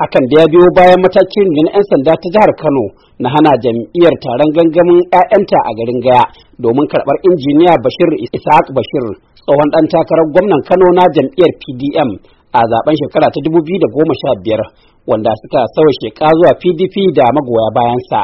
hakan da ya biyo bayan matakin rundunar 'yan sanda ta jihar kano na hana jam'iyyar taron gangamin 'ya'yanta a garin gaya domin karɓar injiniya bashir ishaq bashir tsohon ɗan takarar gwamnan kano na jam'iyyar pdm a zaben shekara ta 2015 wanda suka sauya sheka zuwa pdp da magoya bayansa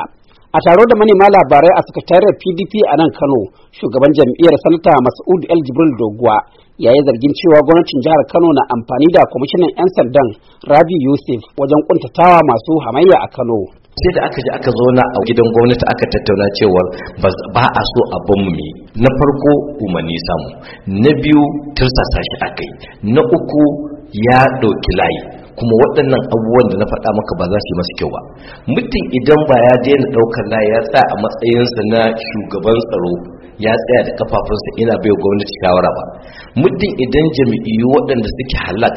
a taro da manema labarai a sakatariyar pdp a nan kano shugaban jam'iyyar sanata mas'ud el jibril doguwa ya yi zargin cewa gwamnatin jihar kano na amfani da kwamishinan 'yan sandan rabi yusuf wajen kuntatawa masu hamayya a kano sai da aka je aka zauna a gidan gwamnati aka tattauna cewar ba a so abin mu na farko umarni samu na biyu tirsasa shi kai, na uku ya ɗauki layi kuma waɗannan abubuwan da na faɗa maka ba za su yi masu kyau ba mutum idan ba ya daina ɗaukar na ya sa a matsayinsa na shugaban tsaro ya tsaya da kafafunsa ina bai gwamnati shawara ba mutum idan jami'i waɗanda suke halak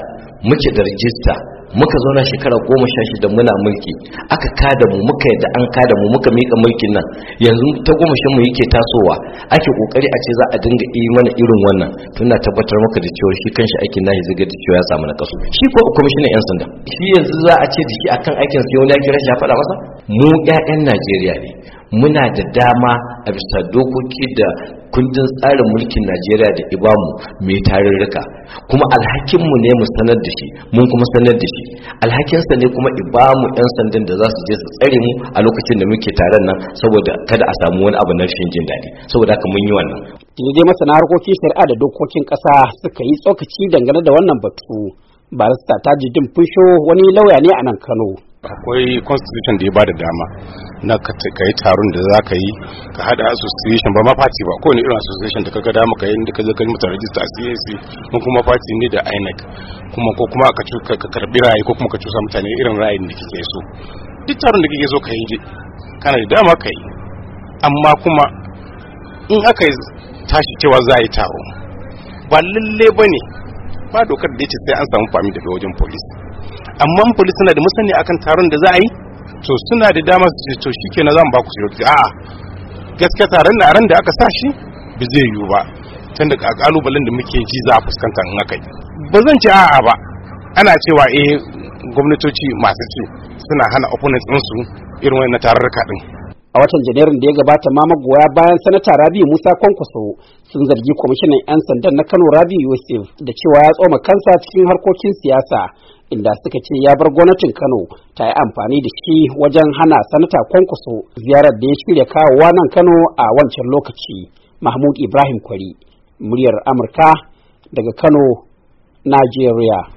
muke da rijista muka zauna shekara goma sha shida muna mulki aka kada mu muka yadda an kada mu muka mika mulkin nan yanzu ta goma sha mu yake tasowa ake kokari a ce za a dinga yi mana irin wannan tunda tabbatar maka da cewa shi kanshi aikin nahi zai ga da cewa ya samu na kaso shi ko kwamishinan yan sanda shi yanzu za a ce da shi akan aikin sa wani ya kira ya faɗa masa mu ƴaƴan Najeriya ne muna da dama a bisa dokoki da kundin tsarin mulkin najeriya da ibamu mai tarurruka kuma alhakinmu ne mu sanar da shi mun kuma sanar da shi alhakinsa ne kuma ibamu 'yan sandan da za su je su tsare mu a lokacin da muke taron nan saboda kada a samu wani abu na rashin jin daɗi saboda haka mun yi wannan dai masana harkokin shari'a da dokokin ƙasa suka yi tsokaci dangane da wannan batu barista tajidin fisho wani lauya ne a nan kano akwai constitution da ya bada dama na ka yi taron da za ka yi ka hada association ba ma party ba kowane irin association da kaga dama ka yi inda ka je ka yi mutane register a CAC ko kuma party ne da INEC kuma ko kuma ka karbi rayi ko kuma ka cusa mutane irin rayin da kike so duk taron da kike so ka yi je kana da dama ka yi amma kuma in aka yi tashi cewa za a yi taro ba lalle ba ne ba dokar da ya ce sai an samu fami daga wajen police amma police suna da musani akan taron da za a yi to suna da dama su to shikenan zan ba ku security a gaskiya taron na ran da aka sa shi ba zai yiwu ba tunda a kalubalen da muke ji za a fuskanta in aka ba zan ce a'a ba ana cewa eh gwamnatoci masu ci suna hana opponents su irin wannan tararraka din a watan janairun da ya gabata ma magoya bayan sanata Rabi musa kwankwaso sun zargi kwamishinan 'yan sandan na kano Rabi yusuf da cewa ya tsoma kansa cikin harkokin siyasa inda suka ce ya bar gwamnatin Kano ta yi amfani da shi wajen hana sanata kwankwaso ziyarar da ya shirya kawowa nan Kano a wancan lokaci. Mahmud Ibrahim Kwari, muryar Amurka daga Kano, Najeriya.